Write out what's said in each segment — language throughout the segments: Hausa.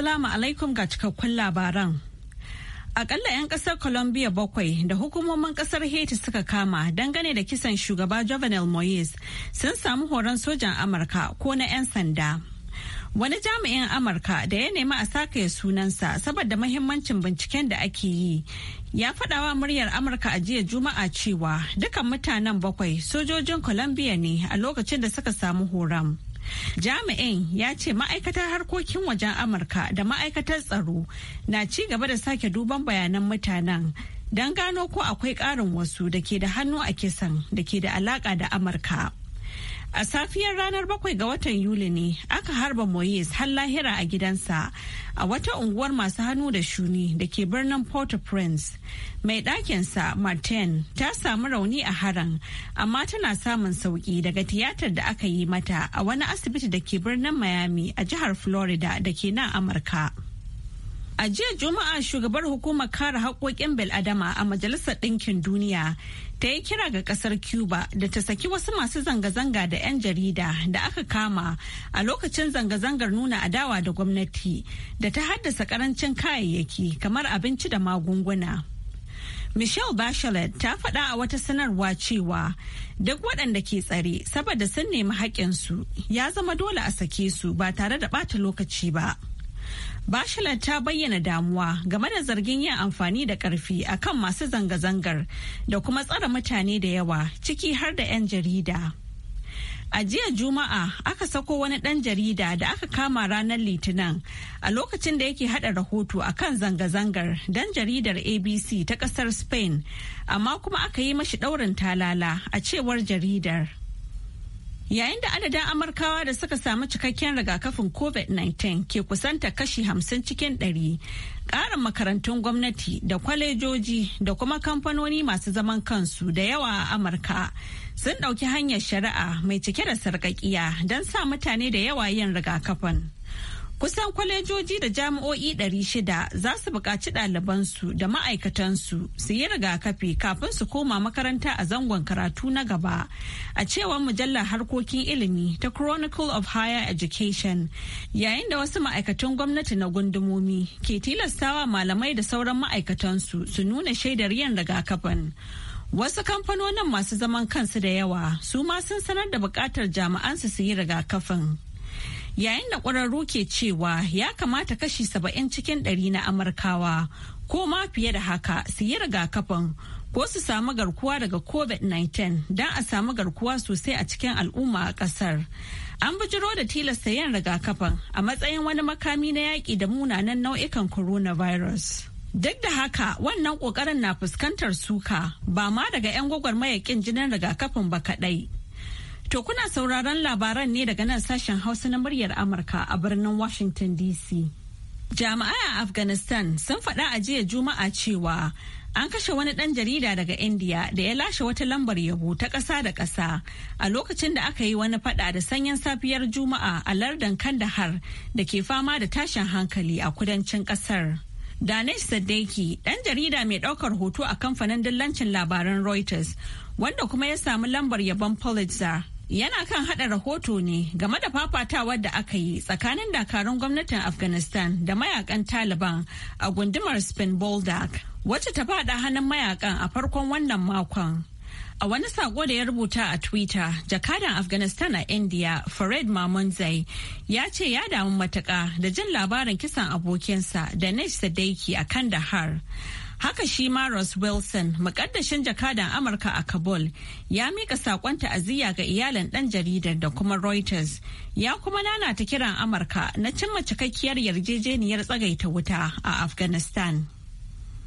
Assalamu alaikum ga cikakkun labaran. Akalla 'yan kasar Colombia bakwai da hukumomin kasar Haiti suka kama dangane da kisan shugaba Jovenel Moise sun samu horon sojan Amurka ko na 'yan sanda. Wani jami'in Amurka da ya nemi a sakaye sunansa saboda mahimmancin binciken da ake yi ya fadawa muryar Amurka a jiya Juma'a cewa dukan mutanen bakwai sojojin Colombia ne a lokacin da suka samu horon. Jami'in ya ce ma'aikatar harkokin wajen Amurka da ma'aikatar tsaro na ci gaba da sake duban bayanan mutanen don gano ko akwai ƙarin wasu da ke da hannu a kisan da ke da alaƙa da Amurka. A safiyar ranar bakwai ga watan Yuli ne aka harba Moyes har lahira a gidansa a wata unguwar masu hannu da shuni da ke birnin Port-au-Prince. Mai ɗakinsa Martin ta samu rauni a haran amma tana samun sauƙi daga tiyatar da aka yi mata a wani asibiti da ke birnin Miami a jihar Florida da ke nan Amurka. A jiya Juma'a shugabar hukumar kare haƙoƙin bil'adama a Majalisar Ɗinkin Duniya ta yi kira ga ƙasar Cuba da ta saki wasu masu zanga-zanga da 'yan jarida da aka kama a lokacin zanga-zangar nuna adawa da gwamnati da ta haddasa ƙarancin kayayyaki kamar abinci da magunguna. Michelle Bachelet ta faɗa a wata sanarwa cewa duk waɗanda ke tsare saboda sun nemi haƙƙinsu ya zama dole a sake su ba tare da ɓata lokaci ba. Bashalar ta bayyana damuwa game da zargin yin amfani da karfi akan masu zanga-zangar da kuma tsara mutane da yawa ciki har da 'yan jarida. A jiya Juma'a aka sako wani ɗan jarida da aka kama ranar Litinin a lokacin da yake haɗa rahoto a kan zanga-zangar dan jaridar ABC ta ƙasar Spain, amma kuma aka yi mashi ɗaurin talala a cewar jaridar. Yayin da adadin Amurkawa da suka samu cikakken rigakafin COVID-19 ke kusanta kashi hamsin cikin ɗari, ƙarin makarantun gwamnati da kwalejoji da kuma kamfanoni masu zaman kansu da yawa a Amurka sun ɗauki hanyar shari'a mai cike da sarƙaƙiya don sa mutane da yawa yin rigakafin. Kusan kwalejoji da jami'o'i 600 za su buƙaci ɗalibansu da ma'aikatansu su yi rigakafi kafin su koma makaranta a zangon karatu na gaba. A cewar mujallar harkokin ilimi ta Chronicle of Higher Education, yayin da wasu ma'aikatan gwamnati na gundumomi ke tilastawa malamai da sauran ma'aikatansu su nuna shaidar yin rigakafin. Wasu kamfanonin masu zaman kansu da yawa su ma sun sanar da buƙatar jami'ansu su yi rigakafin. yayin da ƙwararru ke cewa ya kamata kashi saba'in cikin ɗari na amurkawa ko ma fiye da haka su yi rigakafin ko su samu garkuwa daga covid-19 don a samu garkuwa sosai a cikin al'umma a ƙasar an bijiro da tilasta yin rigakafin a matsayin wani makami na yaƙi da munanan nau'ikan coronavirus. Duk da haka wannan ƙoƙarin na fuskantar suka ba ma daga 'yan gwagwarmaya ƙin jinin rigakafin ba kaɗai. To kuna sauraron labaran ne daga nan sashen Hausa na muryar Amurka a birnin Washington DC. Jama'a a Afghanistan sun faɗa a jiya Juma'a cewa an kashe wani ɗan jarida daga India da ya lashe wata lambar yabo ta ƙasa da ƙasa a lokacin da aka yi wani faɗa da sanyin safiyar Juma'a a lardin Kandahar da ke fama da tashin hankali a kudancin ƙasar. danish Sadeki, ɗan jarida mai ɗaukar hoto a kamfanin dillancin labaran Reuters, wanda kuma ya samu lambar yabon Pulitzer yana kan hada rahoto ne game da fafatawar da aka yi tsakanin dakarun gwamnatin afghanistan da mayakan taliban a gundumar spin boldak wacce ta fada hannun mayakan a farkon wannan makon a wani sako da ya rubuta a twitter jakadan afghanistan a india Fred mamunzai ya ce ya damu matuka da jin labarin kisan abokinsa da nish sadaiki a kandahar Haka shi ma Ross Wilson, mukaddashin jakadan Amurka a Kabul, ya mika sakon ta'aziyya ga iyalan ɗan jaridar da kuma Reuters, ya kuma nana ta kiran Amurka na cimma cikakkiyar yarjejeniyar tsagaita wuta a Afghanistan.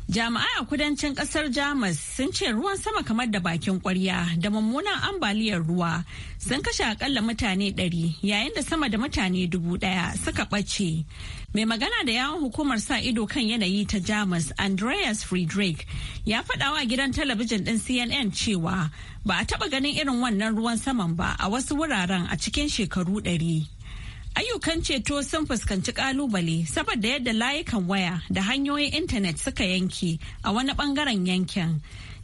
Jami'ai a kudancin kasar Jamus sun ce ruwan sama kamar da bakin kwarya da mummunan ambaliyar ruwa sun kashe akalla mutane ɗari yayin da sama da mutane dubu ɗaya suka ɓace. Mai magana da yawon hukumar sa ido kan yanayi ta Jamus Andreas Friedrich ya faɗawa gidan talabijin ɗin CNN cewa ba a taɓa ganin irin wannan ruwan saman ba a wasu wuraren a cikin shekaru ɗari. Ayyukan ceto sun fuskanci kalubale saboda yadda layukan waya da hanyoyin intanet suka yanke a wani bangaren yankin.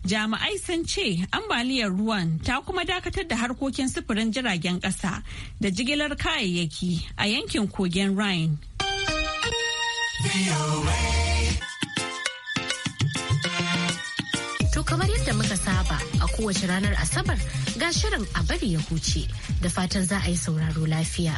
Jami'ai sun ce ambaliyar ruwan ta kuma dakatar da harkokin sufurin jiragen kasa da jigilar kayayyaki a yankin kogin Rhine. To kamar yadda muka saba a kowace ranar Asabar ga shirin a bari ya huce da fatan za a yi sauraro lafiya.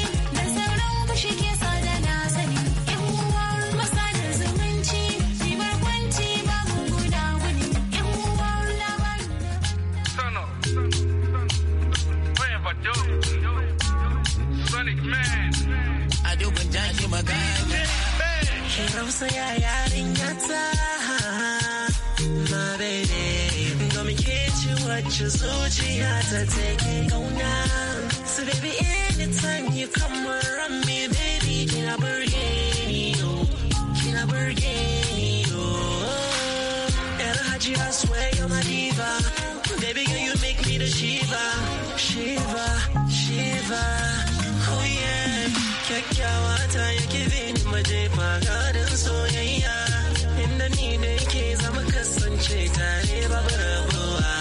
magana ki rausaya yarinya my baby domin ke ci wacce zuciya ta take kauna so baby anytime you come around me baby kina burge ni yo kina burge ni swear you're my diva baby girl you make me the shiva shiva shiva kyakkyawa ta yake bini majefa garin soyayya inda ni ne yake zama kasance tare babu rabuwa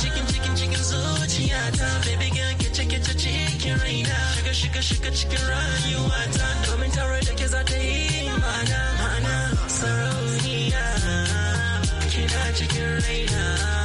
cikin cikin cikin zuciya ta baby girl ke cike ta cikin raina shiga shiga shiga cikin rayuwa ta domin tare da ke za ta yi ma'ana ma'ana sarauniya kina cikin raina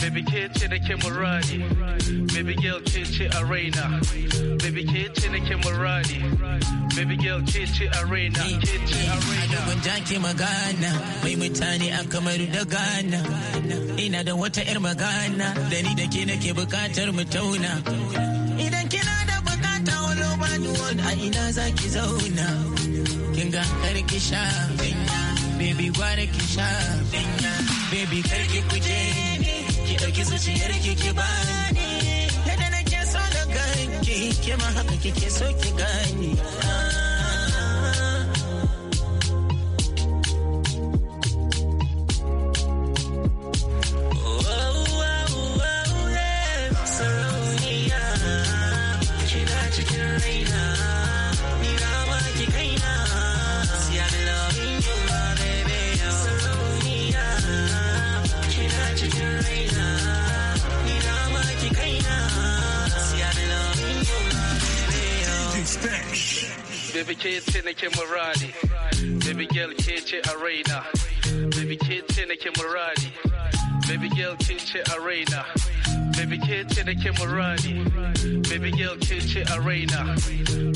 baby ke ce da ke baby girl ke ce a baby ke ce da ke baby girl ke ce a raina ke ce a raina da magana mai mutane a kamar da gana ina da wata yar magana da ni da ke nake bukatar mu tauna idan kina da bukata wani ba a ina zaki zauna kin ga karki sha baby gwara ki sha baby karki kuje dauki zuciyar ki ki bani yadda nake so na ganki ki haka kike so ki gani baby ke ce nake muradi baby girl ke ce a raina baby ke ce nake muradi baby girl ke ce a raina baby ke ce nake muradi baby girl ke ce a raina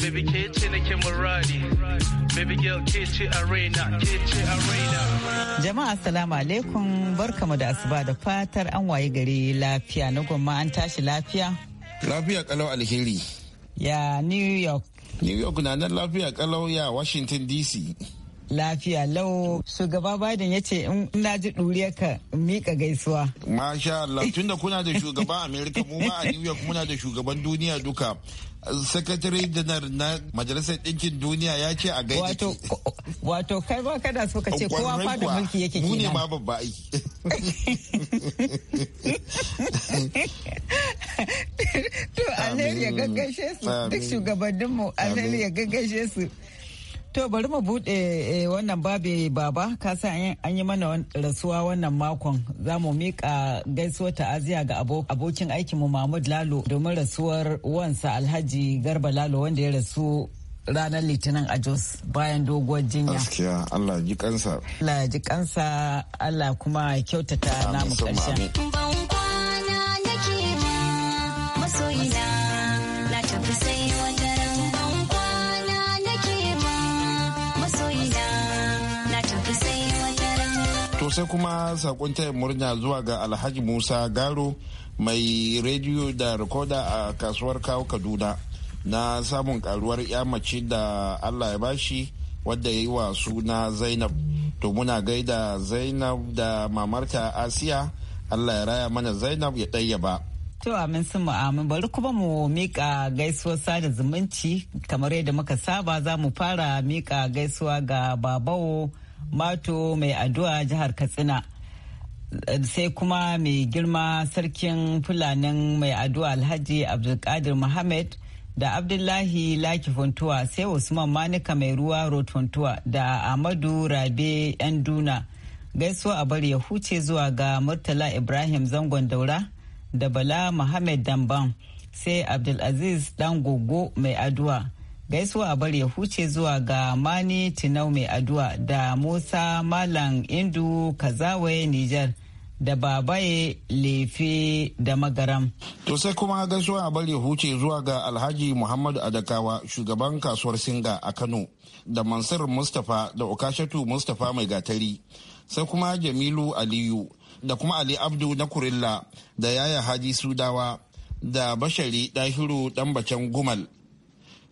baby ke ce nake muradi baby girl ke ce a raina ke ce a raina jama'a assalamu alaikum barkamu da asuba da fatar an waye gari lafiya na gwamma an tashi lafiya lafiya kalau alheri ya new york new york na nan lafiya kalau ya washington dc Lafiya lau shugaba Biden ya ce in na ji ɗuriyar ka mika gaisuwa. Masha Allah da kuna da shugaban Amerika mu ma a New York muna da shugaban duniya duka. sakatare janar na majalisar ɗinkin duniya ya ce a gaida wato wato kai ba kada so ka ce kowa fada mulki yake kina. mu ne ma babba ai to alheri ya gaggashe su duk shugabannin mu alheri ya gaggashe su To bari mu bude eh, wannan babe baba kasa an yi mana rasuwa wannan makon za mu miƙa gaisuwar ta'aziya ga abokin aikinmu Mahmud Lalo domin rasuwar wansa Alhaji Garba Lalo wanda ya rasu ranar litinin a Jos bayan doguwar jinya. Gaskiya Allah ji kansa. Allah ji kansa Allah kuma kyautata namu ƙarshen. sai kuma sakon taya murna zuwa ga alhaji musa garo mai rediyo da rikoda a kasuwar kawo kaduna na samun karuwar ya mace da allah ya bashi wadda ya yi wa suna zainab to muna gaida zainab da mamarta asiya allah ya raya mana zainab ya ɗayyaba. ba To amin sun amin bari kuma mu mika gaisuwar sada zumunci kamar yadda muka saba za mu fara mika gaisuwa ga babawo mato mai addu'a jihar katsina sai kuma mai girma sarkin fulanin mai addu'a alhaji abdulkadir muhammad da abdullahi laki funtuwa sai usman manika mai ruwa rotuntuwa da amadu rabe yan duna gaisuwa a bari ya huce zuwa ga murtala ibrahim zangon daura da bala muhammad damban sai abdulaziz dan gogo mai addu'a gaisuwa a bari ya huce zuwa ga mani tinau mai addu'a da musa malam indu kazawe nijar da babaye lefe da magaram to sai kuma gaisuwa a bari ya huce zuwa ga alhaji muhammadu adakawa shugaban kasuwar singa a kano da mansur mustapha da okashatu mustapha mai gatari sai kuma jamilu aliyu da kuma ali abdu na kurilla da yaya haji sudawa da bashari dahiru dan bacan gumal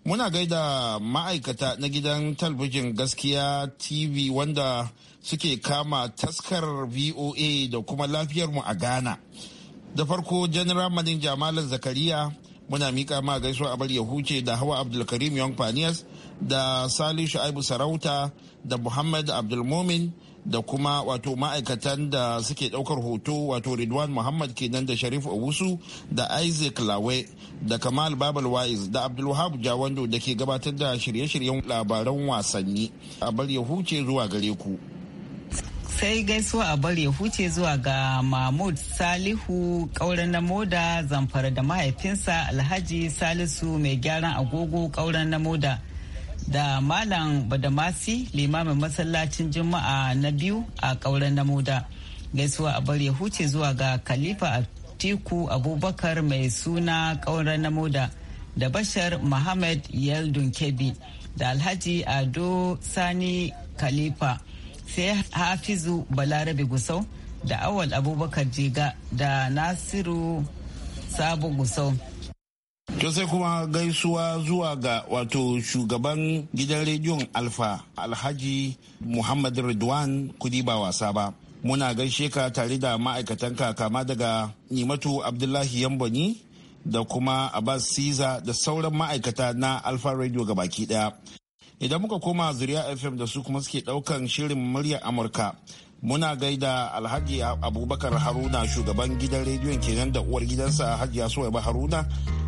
muna gaida ma'aikata na gidan talbijin gaskiya tv wanda suke kama taskar voa da kuma lafiyar mu a ghana da farko general manin jamalin zakariya muna miƙa ma gaisuwa abar ya huce da hawa abdulkarim young Paniers da salisu aibu sarauta da muhammad abdulmumin da kuma wato ma'aikatan da suke daukar hoto wato ridwan muhammad kenan da sharif owusu da isaac lawe da kamal babal waiz da abdulwahab jawando da ke gabatar da shirye-shiryen labaran wasanni a bar ya huce zuwa gare ku sai gaisuwa a bar ya huce zuwa ga mahmud salihu kauran na moda zamfara da mahaifinsa alhaji salisu mai gyaran agogo kauran na moda da Malam Badamasi limamin masallacin Juma'a na biyu a ƙauren Namuda. Gaisuwa a bari huce zuwa ga Khalifa Atiku Abubakar mai suna ƙauren Namuda da Bashar Muhammad Yaldun Kebi da Alhaji Ado Sani Khalifa sai Hafizu Balarabe Gusau da Awal Abubakar Jiga da Nasiru Sabo Gusau. To sai kuma gaisuwa zuwa ga wato shugaban gidan rediyon Alfa Alhaji Muhammad Ridwan kudi ba wasa ba. Muna gaishe ka tare da ma'aikatanka kama daga Nimatu Abdullahi Yambani da kuma Abbas Siza da sauran ma'aikata na Alfa Radio ga baki daya. Idan muka koma zuriya FM da su kuma suke daukan shirin muryar Amurka. Muna gaida Alhaji Abubakar Haruna shugaban gidan rediyon kenan da uwar gidansa Hajiya Suwaiba Haruna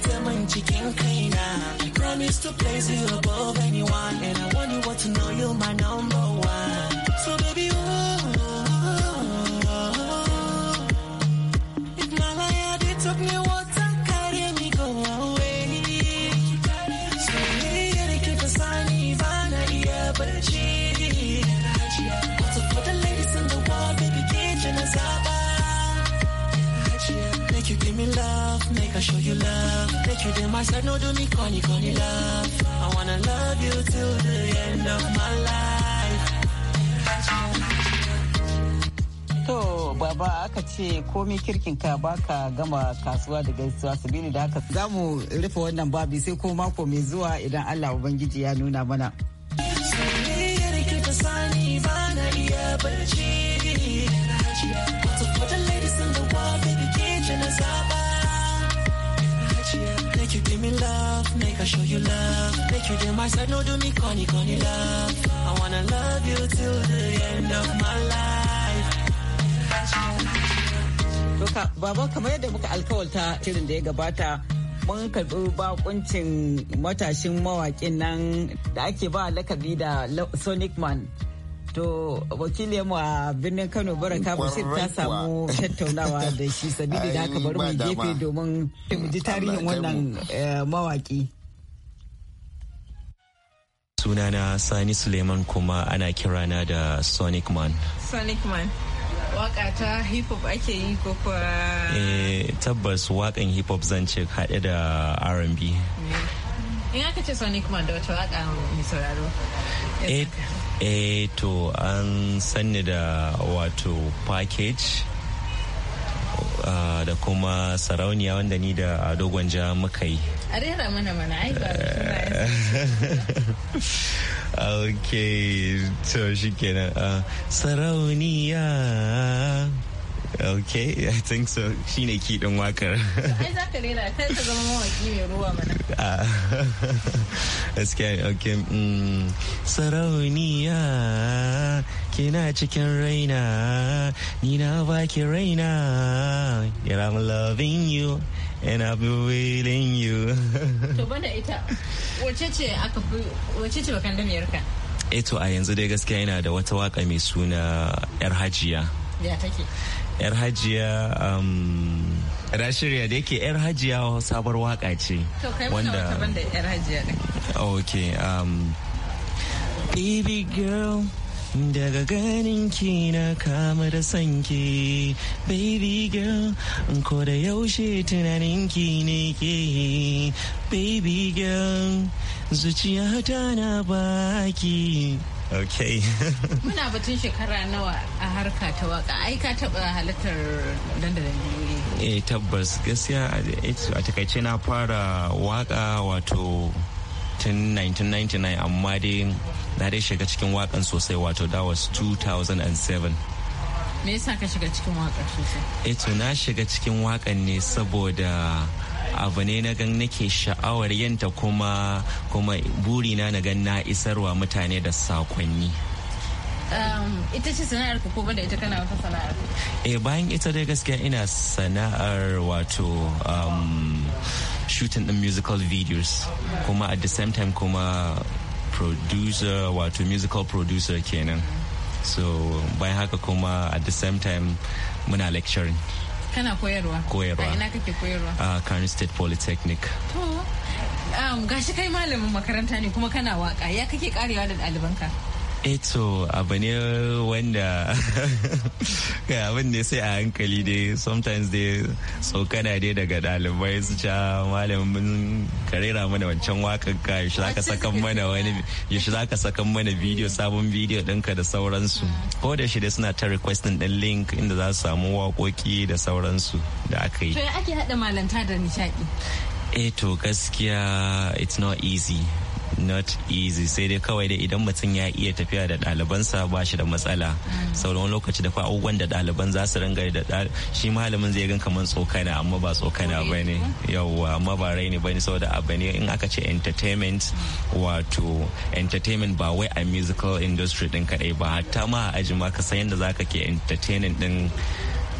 ki zaman chicken cleaner, I promise to place you above anyone, and I want you all to know you're my number do me corny, corny love. I wanna love you till the end of my life. To baba aka ce komi ka baka gama kasuwa da gaisuwa sabili da haka za mu rufe wannan babi sai ko mako mai zuwa idan Allah Ubangiji ya nuna mana. Soyayyar ya ta sani ba na iya barci You did my side, no do me corny, corny love. I wanna love you till the end of my life. Doka, baba kamar yadda muka alkawalta shirin da ya gabata mun karbi bakuncin matashin mawakin nan da ake ba lakabi da Sonic Man. To wakili mu a birnin Kano Baraka Bashir ta samu tattaunawa da shi sabili da aka bari mu gefe domin mu ji tarihin wannan eh, mawaki. sunana sani suleiman kuma ana kirana da sonic man sonic man waka ta hip hop ake yi ko kuwa eh tabbas wakan hip hop zan ce haɗe da R&B in aka ce sonic man da wata waka mai sauraro eh, eh to an sanni da wato package da kuma sarauniya wanda ni da dogon ja muka yi a rera mana mana ai ba ok to shikenan sarauniya Okay, I think so. Shi ne kiɗin wakar. Ai za ka rera, kai ka zama mawaki mai ruwa mana. Ah, gaskiya, okay. Mm. Sarauniya, kina cikin raina, ni na baki raina, yet I'm loving you. and I'll be waiting you. To bana ita, wace ce aka fi wace ce bakan damiyar ka? Eh to a yanzu dai gaskiya yana da wata waka mai suna yar hajiya. Ya take. yar hajiya um, rashirya da yake yar hajiya sabar waka ce wanda ok um, baby girl daga ganin ki na kama da sanki baby girl ko da yaushe tunanin ki ne ke baby girl zuciya ta na baki ok muna batun shekara nawa a harka ta waka ai ka taba halartar dandalin eh tabbas gaskiya eh, a takaice na fara waka wato tun 1999 amma dai na dai shiga cikin wakan sosai wato that was 2007 me yasa ka shiga cikin waƙar sosai? eto eh, na shiga cikin wakan ne saboda abu ne na gan nake sha'awar yanta kuma kuma burina na gan na isarwa mutane da sakonni um, ita ce sana'ar ko da ita kana wata sana'ar eh bayan ita dai gaskiya ina sana'ar wato um, shooting din musical videos kuma at the same time kuma producer wato musical producer kenan so bayan haka kuma at the same time muna lecturing kana koyarwa koyarwa a ina kake koyarwa a Kano State Polytechnic to um, gashi kai malamin makaranta ne kuma kana waka ya kake karewa da ɗalibanka eto eh, abu ne wanda abin da sai a hankali dai sometimes dai saukana dai daga dalibai su ca malamin karera mana wancan wakan ka yaushe zaka sakan mana wani yaushe zaka sakan mana video sabon video dinka da sauransu ko da shi dai suna ta requestin ɗin link inda za su samu waƙoƙi da sauransu da aka yi to ake hada malanta da nishadi. eto eh, to gaskiya it's not easy not easy sai dai kawai dai idan mutum ya iya tafiya da ɗalibansa ba shi da matsala wani lokaci da abubuwan da ɗaliban za su ringa da shi malamin zai gan kamar tsokana amma ba tsokana ba ne yawwa amma ba raini ba ne saboda abu ne in aka ce entertainment wato entertainment ba wai a musical industry din kadai ba hatta ma a aji ma ka san yadda zaka ke entertaining din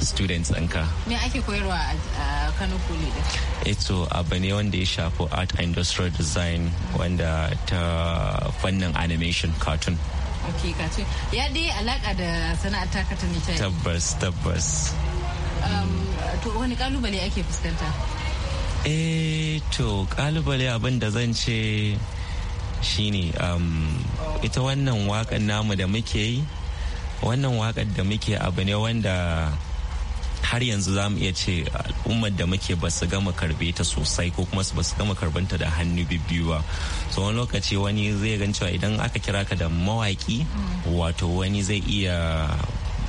students ɗinka. Me ake koyarwa a Kano Koli da? Eto eh, abu ne wanda ya shafi art industrial design wanda ta fannin animation cartoon. Ok, cartoon. Ya dai alaƙa da sana'ar takata ne Tabbas, tabbas. Um, to wani kalubale ake fuskanta? Eh to kalubale abin da zan ce shine um, ita wannan wakan namu da muke yi wannan wakar da muke abu ne wanda har yanzu za mu iya ce al'ummar da muke ba su gama karbe ta sosai ko kuma ba su gama karbanta da hannu bibbiyu ba so wani lokaci wani zai gan cewa idan aka kira ka da mawaki wato wani zai iya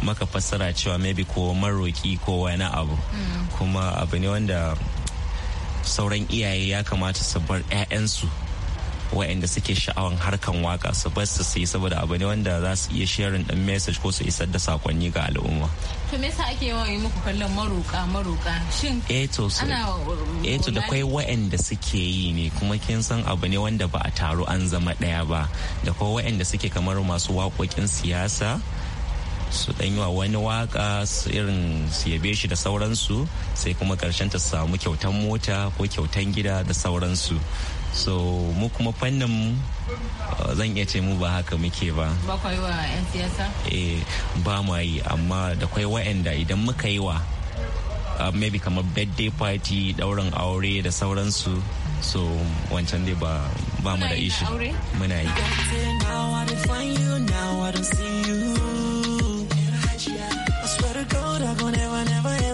maka fassara cewa maybe ko maroki ko wani abu mm. kuma abu ne wanda sauran iyaye ya kamata su bar 'ya'yansu waɗanda suke sha'awan harkan waka su bar su saboda abu ne wanda za su iya sharing ɗin message ko su isar da sakonni ga al'umma. To me yasa ake yawan yi muku kallon maruka maruka shin eh eh to da kai waɗanda suke yi ne kuma kin san abu ne wanda ba a taro an zama ɗaya ba da kuma waɗanda suke kamar masu waƙoƙin siyasa su dan yi wa wani waka su irin su yabe shi da sauransu sai kuma ƙarshen ta samu kyautan mota ko kyautan gida da sauransu so mu kuma fannin mu uh, zan iya ce mu ba haka muke ba ba wa 'yan siyasa eh, ba mu yi amma da kwai wa'anda idan muka yi wa uh, maybe kamar birthday party dauran aure da sauransu so wancan dai ba ba mu da ishi muna yi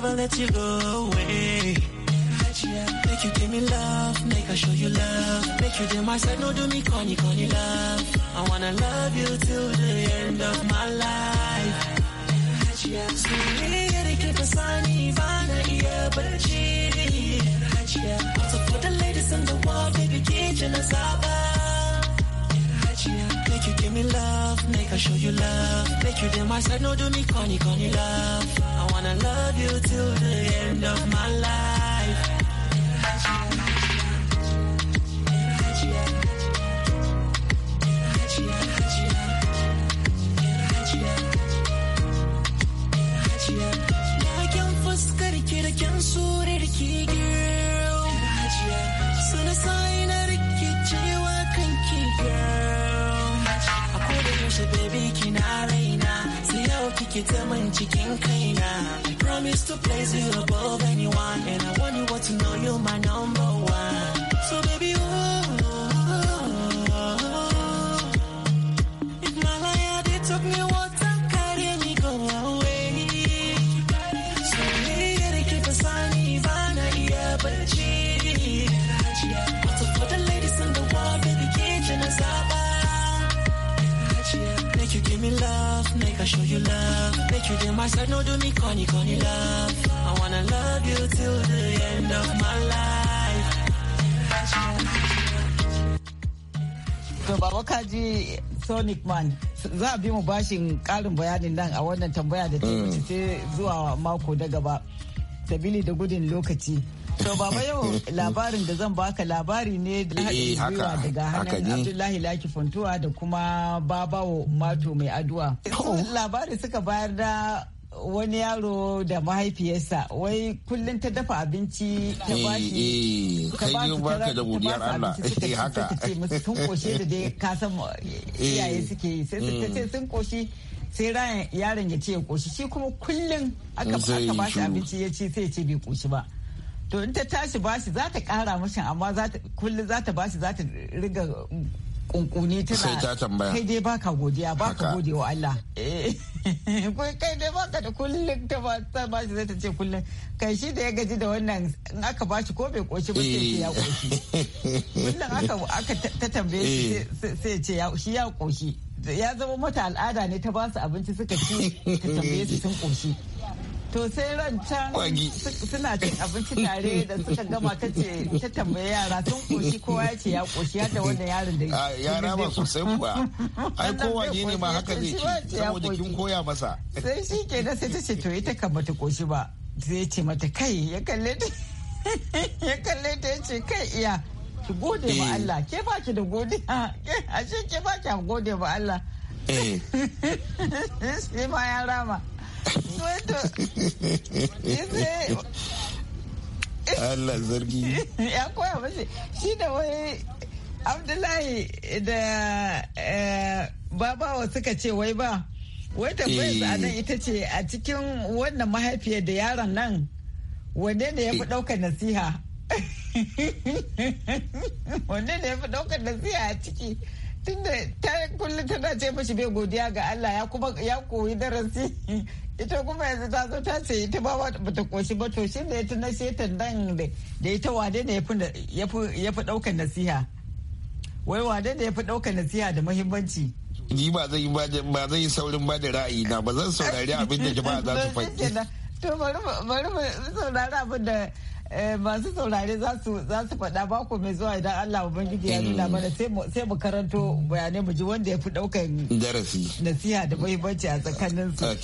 I let you go away. yeah. Make you give me love, make I show you love. Make you do my side, no do me corny, corny love. I wanna love you till the end of my life. Soyayya da ke ta sani ba na iya barci. So for the ladies in the world, baby, get your nazaba. Make you give me love, make I show you love. Make you do my side, no do me corny, corny love. I wanna love you till the end of my life. cikin surar ki girl hajiya suna ki koda yaushe baby kina raina zaman cikin kaina promise to place you above anyone and I want you to know you my number one so baby You do my side, no do me corny, corny love. I wanna love you till the end of my life. So, baba kaji Sonic Man za a bi mu bashin karin bayanin nan a wannan tambaya da ta wuce mm. zuwa mako da gaba. Sabili da gudun lokaci. To baba yau labarin da zan baka labari ne da eh, haɗin gwiwa daga hannun Abdullahi Laki Funtuwa da kuma Babawo Mato Mai Aduwa. Labarin suka bayar da wani yaro da mahaifiyarsa wai kullum ta dafa abinci ta bashi ta bashi da godiyar Allah eh haka ce musu sun koshe da dai ka san iyaye eh. suke yi sai sai mm. sun koshi sai rayan yaron ya ce ya koshi shi kuma kullum aka ba shi abinci ya ce sai ya ce bai koshi ba to in ta tashi bashi za ta kara mashi amma kullum za ta bashi za ta riga kunkuni tana sai ta tambaya kai dai baka godiya baka godiya wa Allah eh, kai dai baka da kullum ta ba ta ba shi zai ta ce kullum kai shi da ya gaji da wannan in aka ba shi ko bai koshi ba sai ya koshi eh. kullum aka aka ta tambaye shi eh. sai ce shi ya koshi ya zama mata al'ada ne ta ba su abinci suka ci ta tambaye su sun koshi to sai ran suna cin abinci tare da suka gama ta ce ta tambaye yara sun koshi kowa ya ce ya koshi ah, ya da wanda yarin da yara ba sosai kuwa ai kowa ne ma haka zai ci saboda kin koya masa sai shi ke da sai ta ce to ita kan bata koshi ba zai ce mata kai ya kalle ta ya kalle ta ya ce kai iya ki gode ma eh. Allah ke ba ki da godiya ashe ke ba ki gode ma Allah eh sai ma ya rama Allah zargi. Ya koya mashi shi da wai Abdullahi da babawa suka ce wai ba. Wai ta a eh. nan ita ce a cikin wannan mahaifiyar da yaron nan wanne ne ya fi eh. ɗaukar nasiha? Wanne ne ya fi ɗaukar nasiha a ciki? tunda ta kullum tana ce mashi bai godiya ga Allah ya kuma ya koyi darasi ita kuma yanzu ta zo ta sayi ita ba ta koshi ba to shi da ya na shetan nan da ita wade ne ya fi ɗaukar nasiha wai wade ne ya fi ɗaukar nasiha da muhimmanci ni ba zai ba zai saurin ba da ra'ayi na ba zan saurari abin da jama'a za su faɗi to bari mu saurari abin da Eh, masu saurare za su faɗa ba ku mai zuwa idan Allah Ubangiji ya nuna mana sai mu karanto bayanai mu ji wanda ya fi ɗaukan darasi nasiha da muhimmanci a tsakanin su.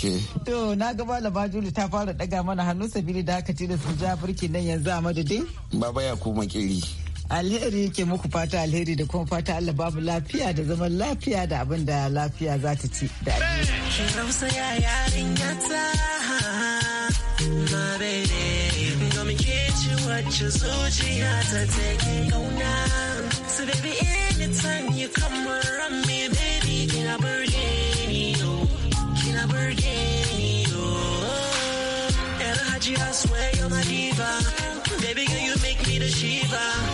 To na ga malama Juli ta fara ɗaga mana hannu sabili da haka da sun ja birki nan yanzu a madadin. Baba ya kuma kiri. Alheri yake muku fata alheri da kuma fata Allah babu lafiya da zaman lafiya da abin da lafiya za ta ci da yarin yata, wacce zuciya ta take kauna. So baby anytime you come around me baby kina burge ni yo, burge ni yo. swear you're my diva, baby girl you make me the Shiva.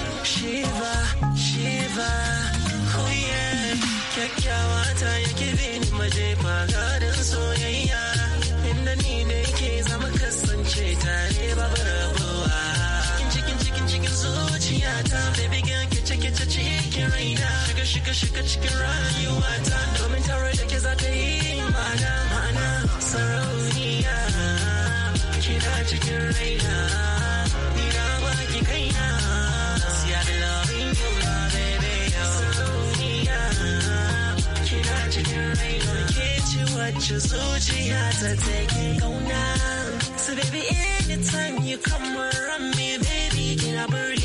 cikin raina shiga shiga shiga cikin rayuwa ta domin tare da ke za ta yi ma'ana ma'ana sarauniya kina cikin raina ni baki kaina siya da loving sarauniya cikin raina ke ci wacce zuciya ta take kauna so baby anytime you come around me baby kina burge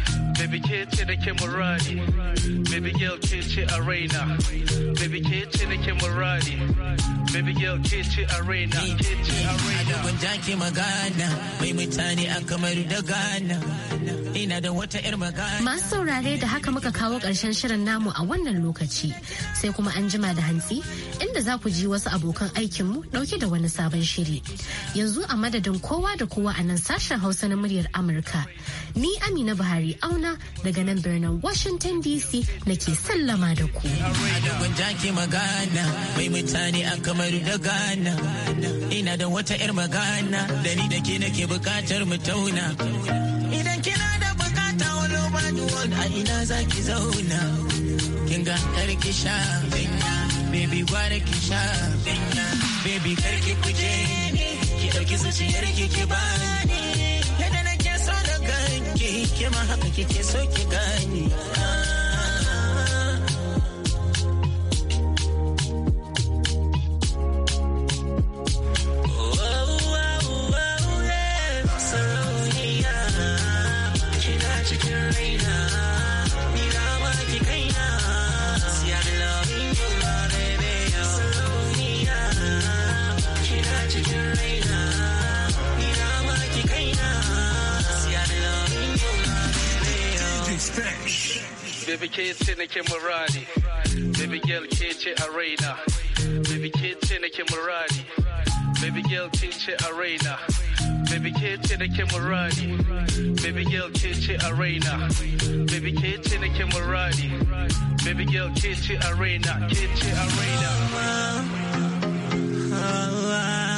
baby ke ce da ke muradi baby girl ke ce a raina baby ke ce da ke muradi baby girl ke ce a raina ke ce a raina magana mai mutane a kamar da gana ina da wata yar magana masu saurare da haka muka kawo ƙarshen shirin namu a wannan lokaci sai kuma an jima da hantsi inda za ku ji wasu abokan aikinmu ɗauke da wani sabon shiri yanzu a madadin kowa da kowa a nan sashen hausa na muryar amurka ni amina buhari auna daga nan birnin washington dc nake sallama da ku magana mai mutane a kamar da gana ina da wata 'yar magana da ni da ke nake bukatar mu tauna idan kina da bukata wani bani wani a ina za ki zauna kin ga kar ki sha baby gwara ki sha baby kar kuje kuje ki dauki zuciyar ki ki bani yadda nake so da ganki ke ma haka kike so ki gani Baby ke nake muradi Baby girl ke ce Baby ke ce nake Baby girl ke ce arena. Baby kids in nake muradi Baby girl ke ce arena. Baby kids in nake muradi Baby girl ke ce a raina ke ce a raina